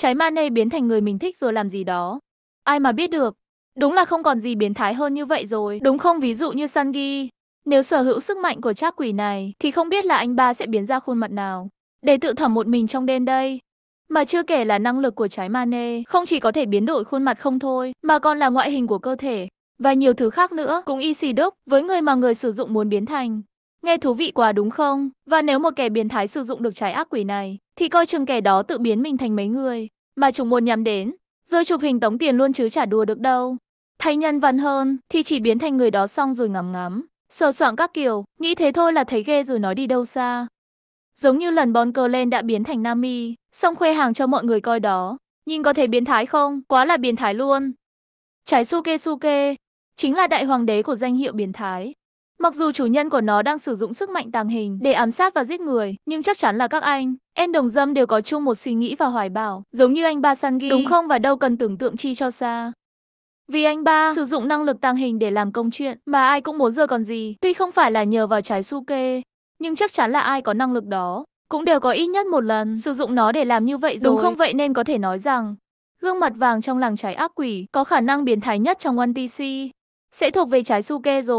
Trái Mane biến thành người mình thích rồi làm gì đó. Ai mà biết được. Đúng là không còn gì biến thái hơn như vậy rồi. Đúng không ví dụ như Sangi. Nếu sở hữu sức mạnh của trác quỷ này thì không biết là anh ba sẽ biến ra khuôn mặt nào. Để tự thẩm một mình trong đêm đây. Mà chưa kể là năng lực của trái Mane không chỉ có thể biến đổi khuôn mặt không thôi, mà còn là ngoại hình của cơ thể. Và nhiều thứ khác nữa cũng y xì đúc với người mà người sử dụng muốn biến thành. Nghe thú vị quá đúng không? Và nếu một kẻ biến thái sử dụng được trái ác quỷ này, thì coi chừng kẻ đó tự biến mình thành mấy người mà chúng muốn nhắm đến, rồi chụp hình tống tiền luôn chứ chả đùa được đâu. Thay nhân văn hơn thì chỉ biến thành người đó xong rồi ngắm ngắm, sờ soạn các kiểu, nghĩ thế thôi là thấy ghê rồi nói đi đâu xa. Giống như lần Bon lên đã biến thành Nami, xong khoe hàng cho mọi người coi đó. Nhìn có thể biến thái không? Quá là biến thái luôn. Trái Suke Suke chính là đại hoàng đế của danh hiệu biến thái. Mặc dù chủ nhân của nó đang sử dụng sức mạnh tàng hình để ám sát và giết người, nhưng chắc chắn là các anh, em đồng dâm đều có chung một suy nghĩ và hoài bảo, giống như anh ba Sangi, đúng không và đâu cần tưởng tượng chi cho xa. Vì anh ba sử dụng năng lực tàng hình để làm công chuyện mà ai cũng muốn rồi còn gì, tuy không phải là nhờ vào trái su kê, nhưng chắc chắn là ai có năng lực đó, cũng đều có ít nhất một lần sử dụng nó để làm như vậy rồi. Đúng không vậy nên có thể nói rằng, gương mặt vàng trong làng trái ác quỷ có khả năng biến thái nhất trong One TC sẽ thuộc về trái su kê rồi.